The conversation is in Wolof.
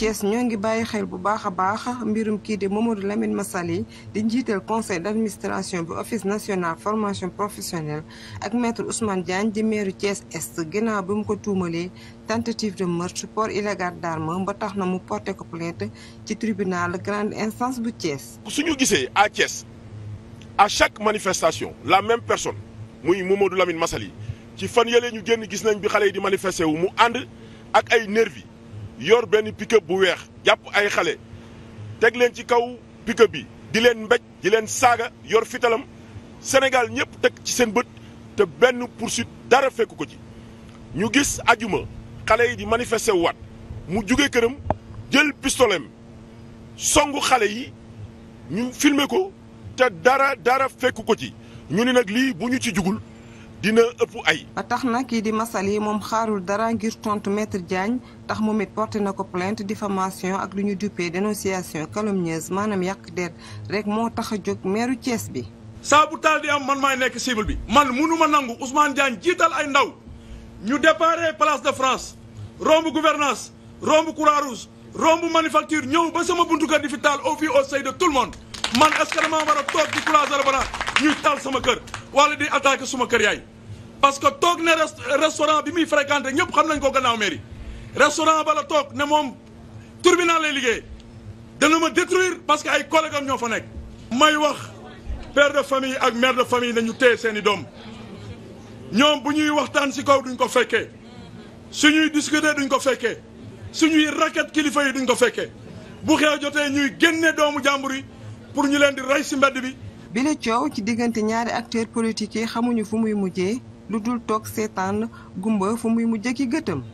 Thiès ñoo ngi bàyyi xel bu baax a baax mbirum kii di Mamadou Lamine Massaly di njiital conseil d'administration bi office national formation professionnelle ak maître Ousmane Diagne di meeru Thiès Est ginnaaw bi mu ko tuumalee tentative de meurtre port illégal d'arme ba tax na mu porté ko plainte ci tribunal grande instance bu Thiès. suñu gisee à Thiès à chaque manifestation la même personne muy Mamadou Lamine Massaly ci fan yële ñu génn gis nañ bi xale yi di manifesté wu mu ànd ak ay nervi yor benn pick bu weex jàpp ay xale teg leen ci kaw pick bi di leen mbéj di leen saaga yor fitalam Sénégal ñëpp teg ci seen bët te benn poursuite dara fekku ko ci ñu gis ajuma xale yi di manifester waat mu juge këram jël pistolem songu xale yi ñu filmer ko te dara dara fekku ko ci ñu ni nag lii bu ñu ci jugul dina ëpp ay. ba tax na kii di Massaly moom xaarul dara ngir tontu maître Diagne tax moom it porté na ko plainte diffamation ak lu ñu duppee dénonciation calomnieuse maanaam yàq der rek moo tax a jóg meeru Thiès bi. saabu bu taal di am man maay nekk cible bi. man munu ma nangu Ousmane Diagne jiital ay ndaw ñu déparé place de France romb gouvernance romb Croix-Rouge romb manufacture ñëw ba sama buntu kër di fi taal au vu au su de tout le monde man est que damaa war a toog di croiser le bras sama kër wala di attaquer suma kër yaay. parce que toog ne restaurant bi muy fréquenté ñëpp xam nañ ko gannaaw mairie restaurant bala toog ne moom tribunal lay liggéey dana ma détruire parce que ay collègues ñoo fa nekk. may wax père de famille ak mère de famille nañu téye seeni doom ñoom bu ñuy waxtaan si kaw duñ ko fekkee suñuy discuter duñ ko fekkee suñuy raket kilifa yi duñ ko fekkee bu xew jotee ñuy génne doomu jàmbur yi pour ñu leen di rey si mbedd bi. bile coow ci diggante ñaari acteurs politiques yi xamuñu fu muy mujjee. lu dul toog seetaan gumba fu muy mujj ki gëtam